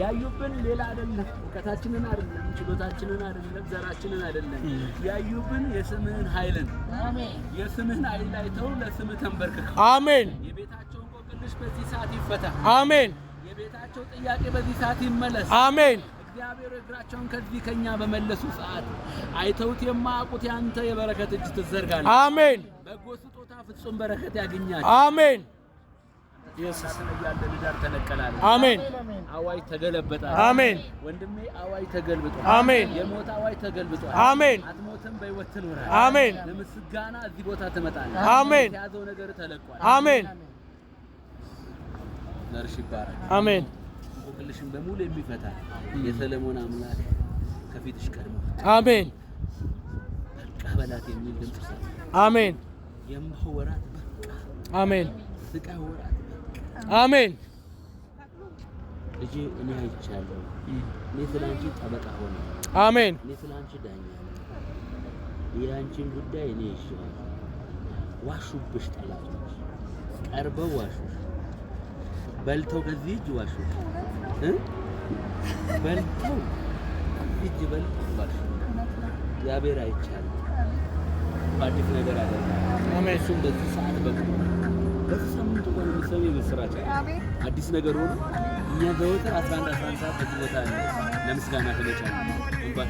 ያዩብን ሌላ አይደለም፣ እውቀታችንን አይደለም፣ ችሎታችንን አይደለም፣ ዘራችንን አይደለም። ያዩብን የስምህን ኃይልን የስምህን ኃይል አይተው ለስምህ ተንበርክከው አሜን። የቤታቸው ቆቅልሽ በዚህ ሰዓት ይፈታ አሜን። የቤታቸው ጥያቄ በዚህ ሰዓት ይመለስ አሜን። እግዚአብሔር እግራቸውን ከዚህ ከኛ በመለሱ ሰዓት አይተውት የማያውቁት ያንተ የበረከት እጅ ትዘርጋለህ አሜን። በጎ ስጦታ ፍጹም በረከት ያገኛል አሜን። ያለ ዳር ተነቀላለ። አሜን። አዋይ ተገለበጣል። አሜን። ወንድሜ አዋይ ተገልብጧል። አሜን። የሞት አዋይ ተገልብጧል። አሜን። አትሞትም፣ በሕይወት ትኖራለህ። አሜን። ለምስጋና እዚህ ቦታ ትመጣለህ። አሜን። የያዘው ነገር ተለቋል። አሜን። ዘርሽ ይባረክ። አሜን። በሙሉ የሚፈታ የሰለሞን አምላክ ከፊትሽ አሜን። በቃ በላት የሚል ሰማሁ። አሜን። ወራት በቃ። አሜን። ስቃይ ወራት አሜን። ልጄ እኔ አይቻለሁ። እኔ ስለ አንቺ ጠበቃ ሆነ። አሜን። እኔ ስለ አንቺ ዳኛ ነው። የአንቺን ጉዳይ እኔ ይሽራል። ዋሹብሽ ጠላቶች፣ ቀርበው ዋሹሽ፣ በልተው በዚህ እጅ ዋሹሽ፣ በልተው እጅ በልተው ዋሹ። እግዚአብሔር አይቻለሁ። አዲስ ነገር አለ። አሜን። እሱም በዚህ ሰዓት በቃ በዚህ ሳምንት ቆን የሚሰው አዲስ ነገር ሆኖ እኛ ዘወትር 11 11 ሰዓት ቦታ ለምስጋና ተመቻለ።